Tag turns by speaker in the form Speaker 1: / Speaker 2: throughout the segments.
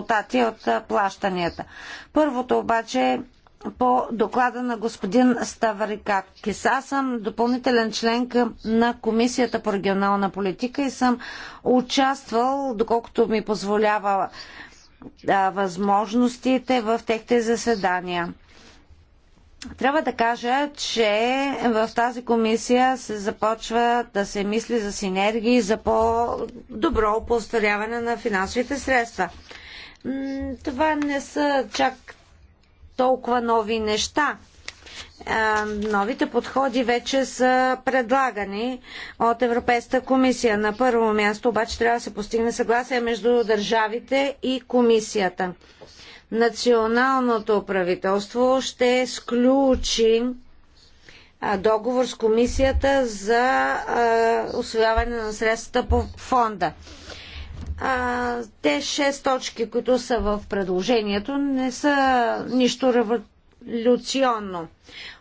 Speaker 1: депутати от плащанията. Първото обаче е по доклада на господин Ставарикакис. Аз съм допълнителен член на Комисията по регионална политика и съм участвал, доколкото ми позволява да, възможностите в техните заседания. Трябва да кажа, че в тази комисия се започва да се мисли за синергии за по-добро оползотворяване на финансовите средства това не са чак толкова нови неща. Новите подходи вече са предлагани от Европейската комисия. На първо място обаче трябва да се постигне съгласие между държавите и комисията. Националното правителство ще сключи договор с комисията за освояване на средствата по фонда а, те шест точки, които са в предложението, не са нищо революционно.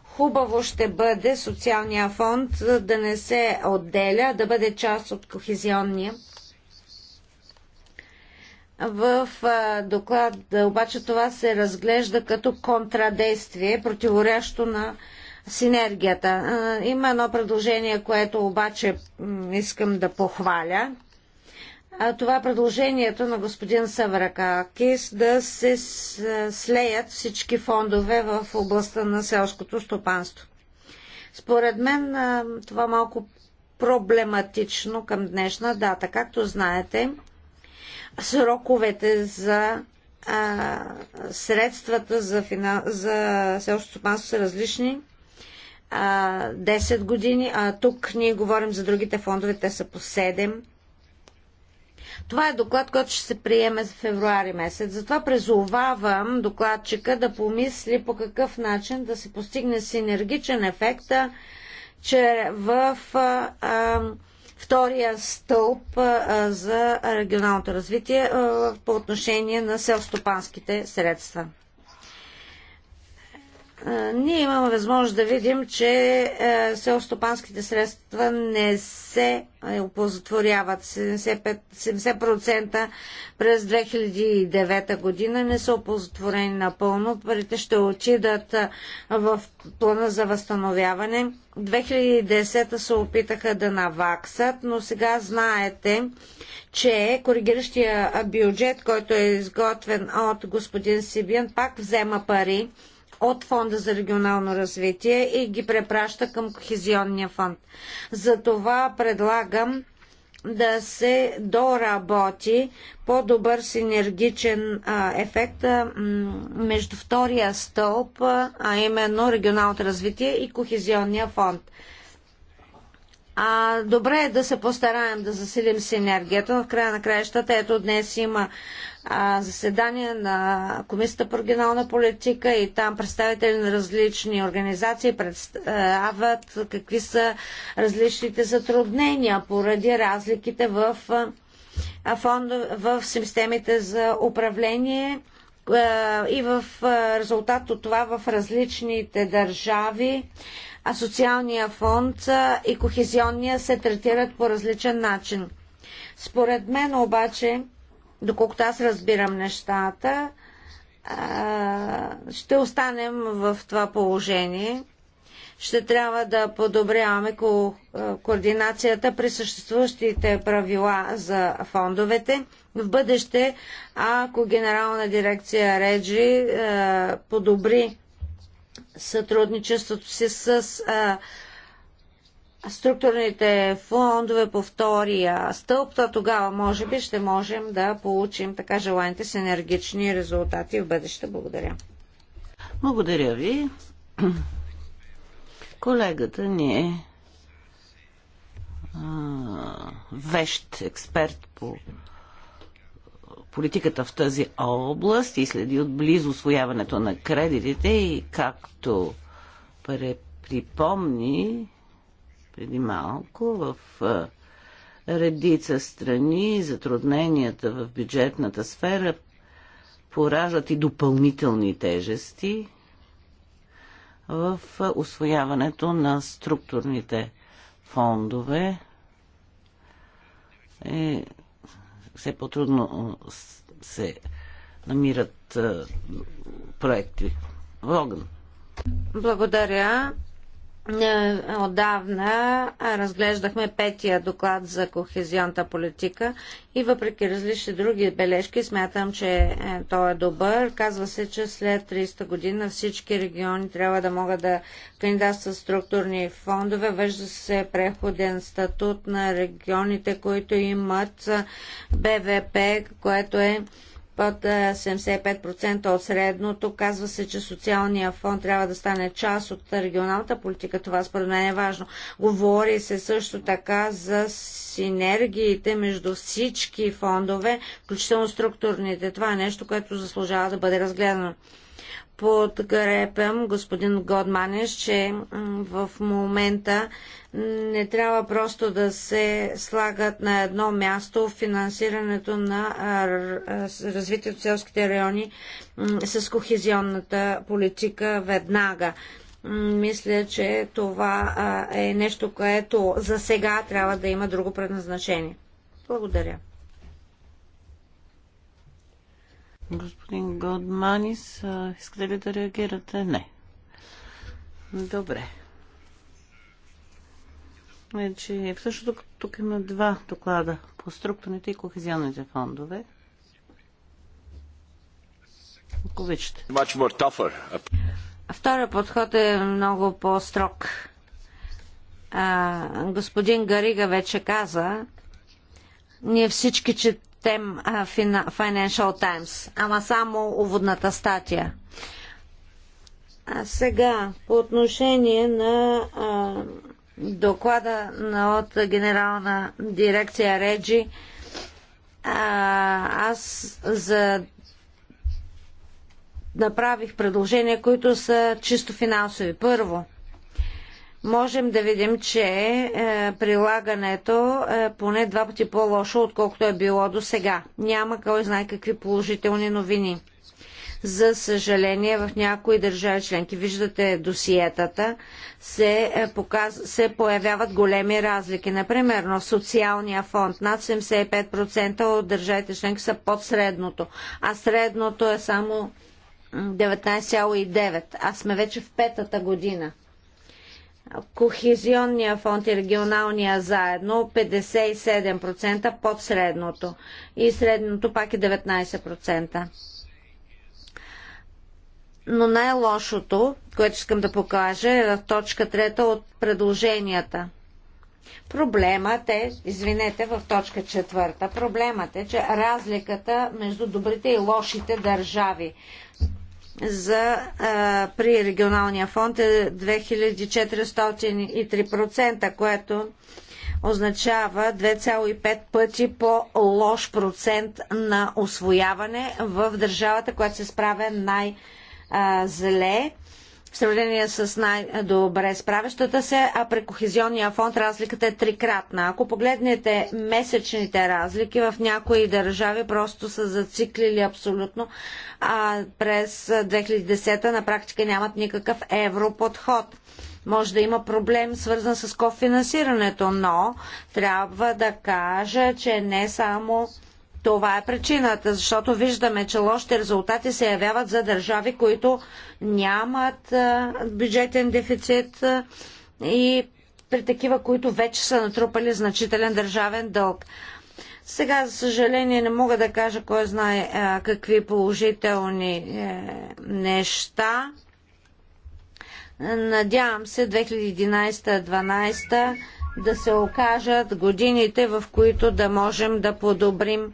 Speaker 1: Хубаво ще бъде социалния фонд да не се отделя, да бъде част от кохезионния. В а, доклад обаче това се разглежда като контрадействие, противорящо на синергията. А, има едно предложение, което обаче искам да похваля – това това е предложението на господин Савракакис да се слеят всички фондове в областта на селското стопанство. Според мен това малко проблематично към днешна дата. Както знаете, сроковете за а, средствата за, финал, за селското стопанство са различни. А, 10 години, а тук ние говорим за другите фондове, те са по 7 това е доклад, който ще се приеме в февруари месец. Затова призовавам докладчика да помисли по какъв начин да се постигне синергичен ефект, че в а, а, втория стълб а, за регионалното развитие а, по отношение на селстопанските средства ние имаме възможност да видим, че селстопанските средства не се оползотворяват. 75, 70% през 2009 година не са оползотворени напълно. Парите ще отидат в плана за възстановяване. 2010 се опитаха да наваксат, но сега знаете, че коригиращия бюджет, който е изготвен от господин Сибиен, пак взема пари от Фонда за регионално развитие и ги препраща към Кохезионния фонд. Затова предлагам да се доработи по-добър синергичен ефект между втория стълб, а именно регионалното развитие и кохезионния фонд. А, добре е да се постараем да засилим синергията. В края на краищата, ето днес има заседание на Комисията по регионална политика и там представители на различни организации представят какви са различните затруднения поради разликите в, в системите за управление и в резултат от това в различните държави а социалния фонд и кохезионния се третират по различен начин. Според мен обаче доколкото аз разбирам нещата, ще останем в това положение. Ще трябва да подобряваме ко- координацията при съществуващите правила за фондовете. В бъдеще, ако Генерална дирекция Реджи подобри сътрудничеството си с структурните фондове по втория стълб, то тогава може би ще можем да получим така желаните синергични резултати в бъдеще. Благодаря.
Speaker 2: Благодаря ви. Колегата ни е вещ експерт по политиката в тази област и следи отблизо освояването на кредитите и както припомни, преди малко, в редица страни затрудненията в бюджетната сфера пораждат и допълнителни тежести в освояването на структурните фондове. Е, все по-трудно се намират проекти. Логан. Благодаря.
Speaker 1: Е, отдавна разглеждахме петия доклад за кохезионната политика и въпреки различни други бележки смятам, че е, той е добър. Казва се, че след 30 година всички региони трябва да могат да кандидатстват структурни фондове. Вежда се преходен статут на регионите, които имат е, БВП, което е под е, 75% от средното. Казва се, че социалния фонд трябва да стане част от регионалната политика. Това според мен е важно. Говори се също така за синергиите между всички фондове, включително структурните. Това е нещо, което заслужава да бъде разгледано подкрепям господин Годманеш, че в момента не трябва просто да се слагат на едно място финансирането на развитието в селските райони с кохезионната политика веднага. Мисля, че това е нещо, което за сега трябва да има друго
Speaker 2: предназначение. Благодаря. Господин Годманис, искате ли да реагирате? Не. Добре. Значи, всъщност тук, тук има два доклада по структурните и кохезионните фондове. Ако обичате. Втория подход е
Speaker 1: много по-строг. господин Гарига вече каза, ние всички че Тем Financial Times, ама само уводната статия. А сега, по отношение на а, доклада на от генерална дирекция Реджи, а, аз за направих предложения, които са чисто финансови. Първо, можем да видим, че е, прилагането е поне два пъти по-лошо, отколкото е било до сега. Няма кой знае какви положителни новини. За съжаление, в някои държави членки, виждате досиетата, се, е, показ... се появяват големи разлики. Например, на социалния фонд над 75% от държавите членки са под средното, а средното е само 19,9%, а сме вече в петата година. Кохезионния фонд и регионалния заедно 57% под средното и средното пак е 19%. Но най-лошото, което искам да покажа е в точка трета от предложенията. Проблемът е, извинете, в точка четвърта, проблемът е, че разликата между добрите и лошите държави за, а, при регионалния фонд е 2403%, което означава 2,5 пъти по-лош процент на освояване в държавата, която се справя най-зле в сравнение с най-добре справящата се, а при Кохезионния фонд разликата е трикратна. Ако погледнете месечните разлики в някои държави, просто са зациклили абсолютно, а през 2010 на практика нямат никакъв европодход. Може да има проблем свързан с кофинансирането, но трябва да кажа, че не само това е причината, защото виждаме, че лошите резултати се явяват за държави, които нямат бюджетен дефицит и при такива, които вече са натрупали значителен държавен дълг. Сега, за съжаление, не мога да кажа кой знае какви положителни е, неща. Надявам се 2011-2012 да се окажат годините, в които да можем да подобрим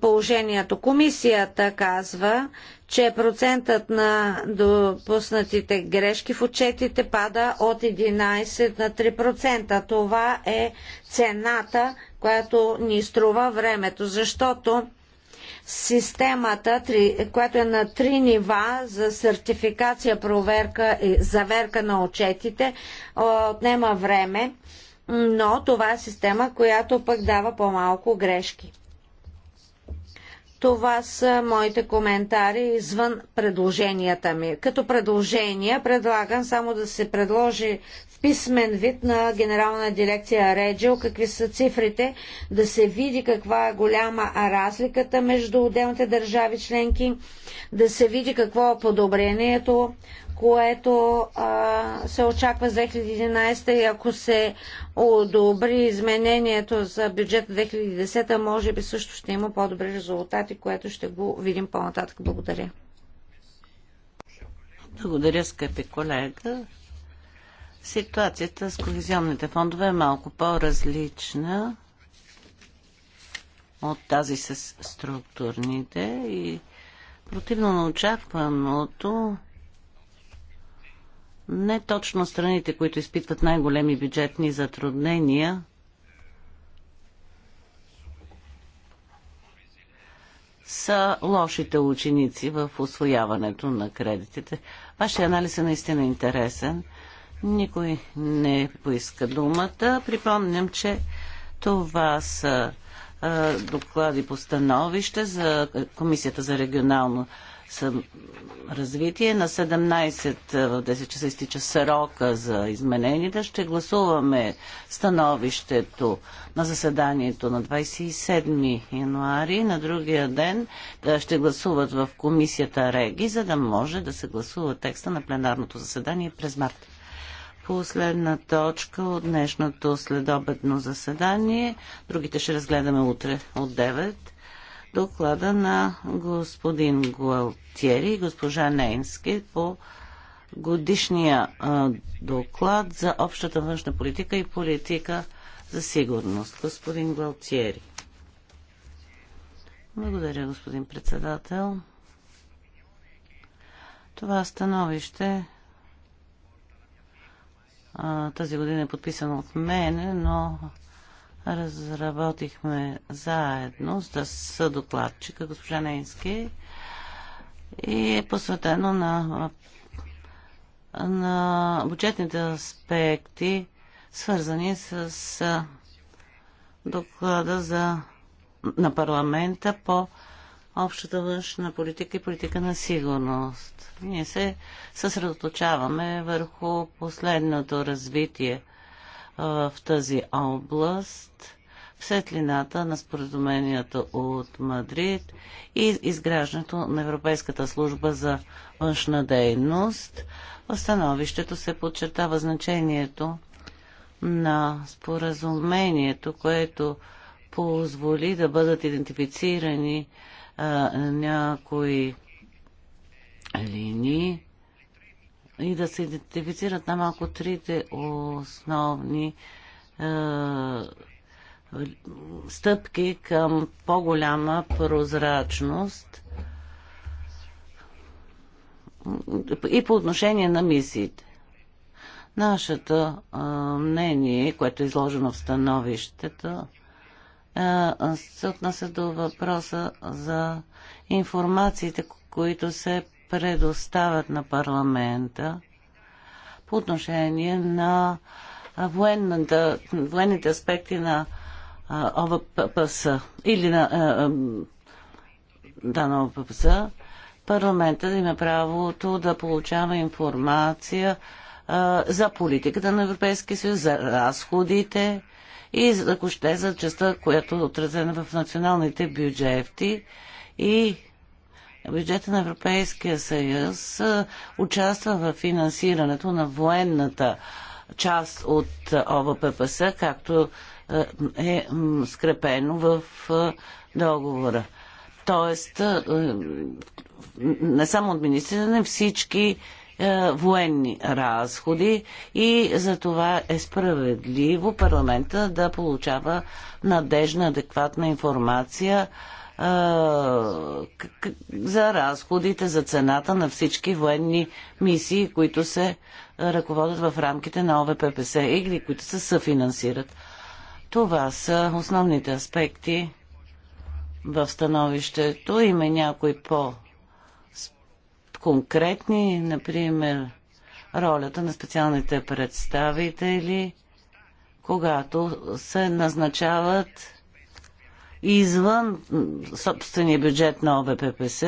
Speaker 1: положението. Комисията казва, че процентът на допуснатите грешки в отчетите пада от 11 на 3%. Това е цената, която ни струва времето, защото системата, която е на три нива за сертификация, проверка и заверка на отчетите, отнема време, но това е система, която пък дава по-малко грешки. Това са моите коментари извън предложенията ми. Като предложение предлагам само да се предложи в писмен вид на Генерална дирекция Реджил какви са цифрите, да се види каква е голяма разликата между отделните държави членки, да се види какво е подобрението което а, се очаква за 2011 и ако се одобри изменението за бюджет 2010, може би също ще има по-добри резултати, което ще го
Speaker 2: видим по-нататък. Благодаря. Благодаря, скъпи колега. Ситуацията с кохезионните фондове е малко по-различна от тази с структурните и противно на очакваното не точно страните, които изпитват най-големи бюджетни затруднения, са лошите ученици в освояването на кредитите. Вашия анализ е наистина интересен. Никой не поиска думата. Припомням, че това са доклади по становище за Комисията за регионално развитие. На 17 в 10 часа изтича срока за измененията. Ще гласуваме становището на заседанието на 27 януари. На другия ден ще гласуват в комисията Реги, за да може да се гласува текста на пленарното заседание през март. Последна точка от днешното следобедно заседание. Другите ще разгледаме утре от 9 доклада на господин Гуалтиери и госпожа Нейнски по годишния а, доклад за общата външна политика и политика за сигурност. Господин Гуалтиери. Благодаря, господин председател. Това становище а, тази година е подписано от мен, но разработихме заедно с съдокладчика госпожа Нейнски и е посветено на, на бюджетните аспекти, свързани с доклада за, на парламента по общата външна политика и политика на сигурност. Ние се съсредоточаваме върху последното развитие в тази област в светлината на споразуменията от Мадрид и изграждането на Европейската служба за външна дейност. В становището се подчертава значението на споразумението, което позволи да бъдат идентифицирани а, някои линии, и да се идентифицират на малко трите основни е, стъпки към по-голяма прозрачност и по отношение на мисиите. Нашето е, мнение, което е изложено в становището, е, се отнася до въпроса за информациите, които се предоставят на парламента по отношение на военната, военните аспекти на ОВПС или на, да, на ОВПС, парламента да има правото да получава информация за политиката на Европейския съюз, за разходите и ако ще за частта, която е отразена в националните бюджети и бюджета на Европейския съюз участва в финансирането на военната част от ОВППС, както е скрепено в договора. Тоест, не само администриране, всички военни разходи и за това е справедливо парламента да получава надежна, адекватна информация за разходите, за цената на всички военни мисии, които се ръководят в рамките на ОВППС или които се съфинансират. Това са основните аспекти в становището. Има някои по-конкретни, например, ролята на специалните представители, когато се назначават извън собствения бюджет на ОВППС,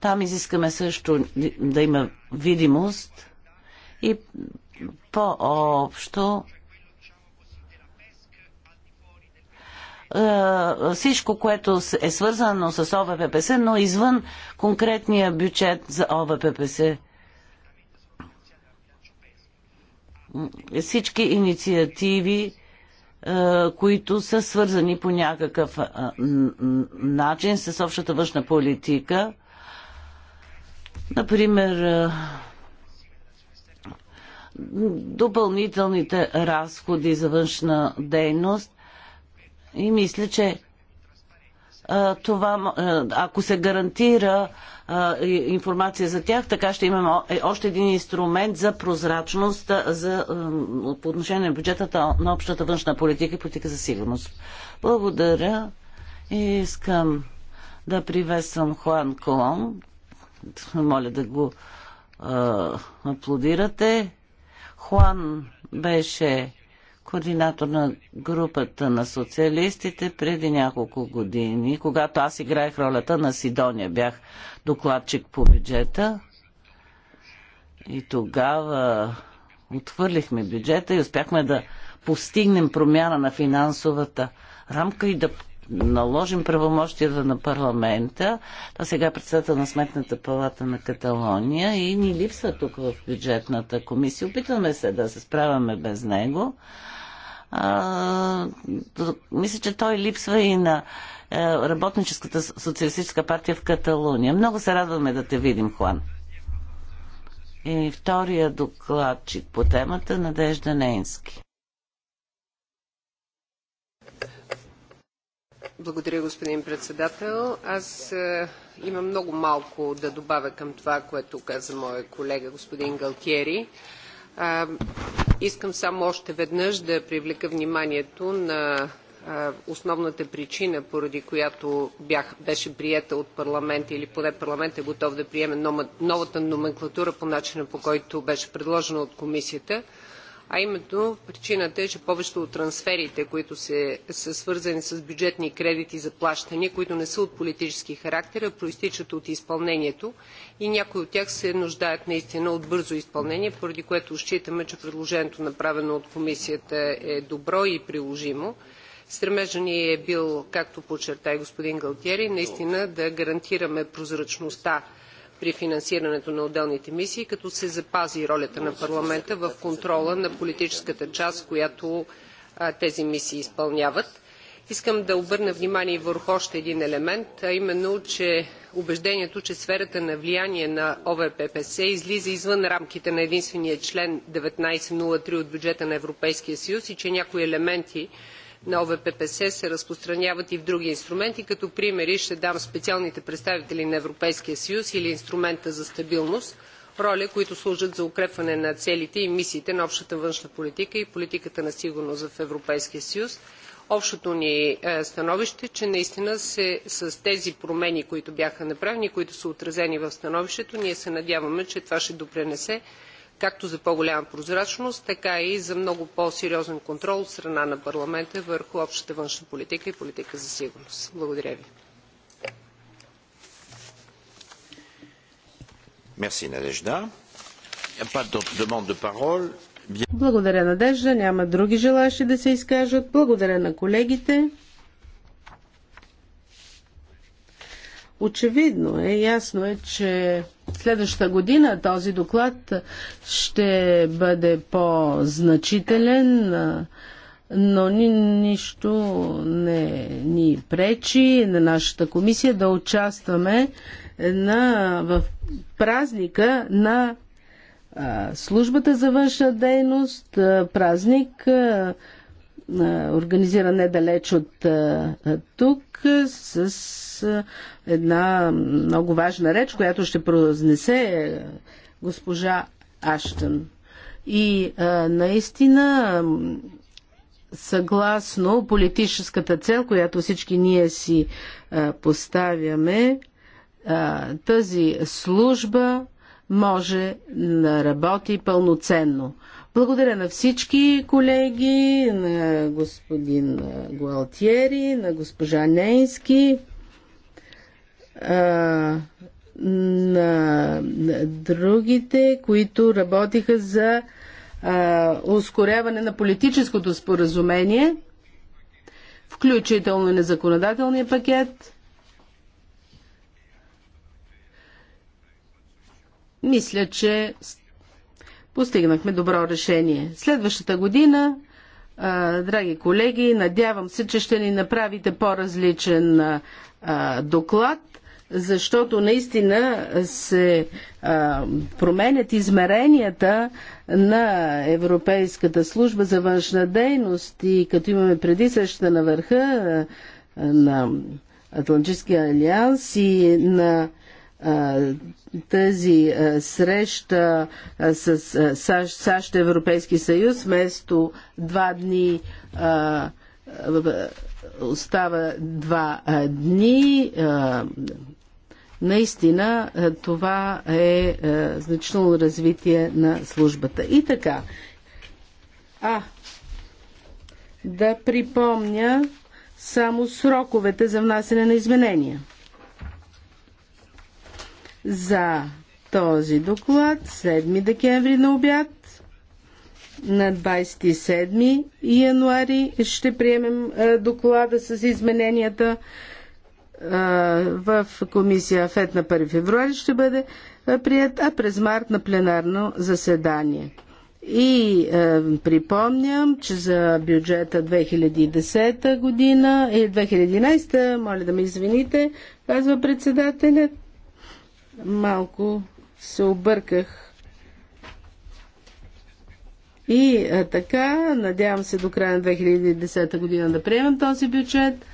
Speaker 2: Там изискаме също да има видимост и по-общо е, всичко, което е свързано с ОВППС, но извън конкретния бюджет за ОВППС. Всички инициативи, е, които са свързани по някакъв е, начин с общата външна политика. Например, е, допълнителните разходи за външна дейност. И мисля, че това, ако се гарантира информация за тях, така ще имаме е, още един инструмент за прозрачност за, по отношение на бюджетата на общата външна политика и политика за сигурност. Благодаря и искам да приветствам Хуан Колон. Моля да го аплодирате. Хуан беше координатор на групата на социалистите преди няколко години, когато аз играех ролята на Сидония, бях докладчик по бюджета и тогава отхвърлихме бюджета и успяхме да постигнем промяна на финансовата рамка и да наложим правомощията на парламента. Та сега е председател на Сметната палата на Каталония и ни липсва тук в бюджетната комисия. Опитваме се да се справяме без него. А, мисля, че той липсва и на е, Работническата социалистическа партия в Каталуния. Много се радваме да те видим, Хуан. И втория докладчик по темата Надежда Нейнски.
Speaker 3: Благодаря, господин председател. Аз е, имам много малко да добавя към това, което каза моя колега господин Галтиери. Е, Искам само още веднъж да привлека вниманието на основната причина, поради която бях, беше приета от парламент или поне парламент е готов да приеме новата номенклатура по начина по който беше предложена от комисията, а именно причината е, че повечето от трансферите, които се, са свързани с бюджетни кредити за плащания, които не са от политически характер, а проистичат от изпълнението и някои от тях се нуждаят наистина от бързо изпълнение, поради което считаме, че предложението направено от комисията е добро и приложимо. Стремежа ни е бил, както подчерта и господин Галтиери, наистина да гарантираме прозрачността при финансирането на отделните мисии, като се запази ролята на парламента в контрола на политическата част, която тези мисии изпълняват. Искам да обърна внимание върху още един елемент, а именно, че убеждението, че сферата на влияние на ОВППС излиза извън рамките на единствения член 1903 от бюджета на Европейския съюз и че някои елементи на ОВППС се разпространяват и в други инструменти. Като примери ще дам специалните представители на Европейския съюз или инструмента за стабилност, роля, които служат за укрепване на целите и мисиите на общата външна политика и политиката на сигурност в Европейския съюз. Общото ни е, становище, че наистина се, с тези промени, които бяха направени, които са отразени в становището, ние се надяваме, че това ще допренесе както за по-голяма прозрачност, така и за много по-сериозен контрол от страна на парламента върху общата външна политика и политика за сигурност. Благодаря ви. Надежда. de parole.
Speaker 4: Благодаря, Надежда. Няма други желащи да се изкажат. Благодаря на колегите. Очевидно е, ясно е, че следващата година този доклад ще бъде по-значителен, но ни, нищо не ни пречи на нашата комисия да участваме на, в празника на службата за външна дейност, празник, организиран недалеч от тук, с една много важна реч, която ще произнесе госпожа Аштън. И наистина, съгласно политическата цел, която всички ние си поставяме, тази служба може да работи пълноценно. Благодаря на всички колеги, на господин Гуалтиери, на госпожа Нейски, на другите, които работиха за ускоряване на политическото споразумение, включително и на законодателния пакет. Мисля, че постигнахме добро решение. Следващата година, драги колеги, надявам се, че ще ни направите по-различен доклад, защото наистина се променят измеренията на Европейската служба за външна дейност и като имаме преди срещата на върха на Атлантическия алианс и на тази среща с САЩ, Европейски съюз вместо два дни остава два дни. Наистина това е значително развитие на службата. И така. А, да припомня само сроковете за внасене на изменения за този доклад 7 декември на обяд. На 27 януари ще приемем е, доклада с измененията е, в комисия ФЕД на 1 февруари ще бъде е, прият, а през март на пленарно заседание. И е, припомням, че за бюджета 2010 година и 2011, моля да ме извините, казва председателят, малко се обърках. И а, така, надявам се до края на 2010 година да приемем този бюджет.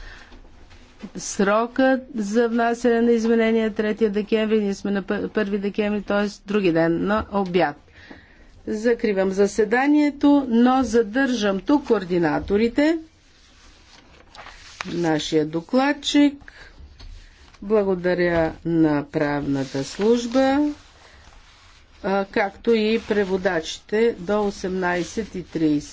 Speaker 4: Срокът за внасяне на изменения 3 е декември, ние сме на 1 декември, т.е. други ден на обяд. Закривам заседанието, но задържам тук координаторите, нашия докладчик, благодаря на правната служба, както и преводачите до 18.30.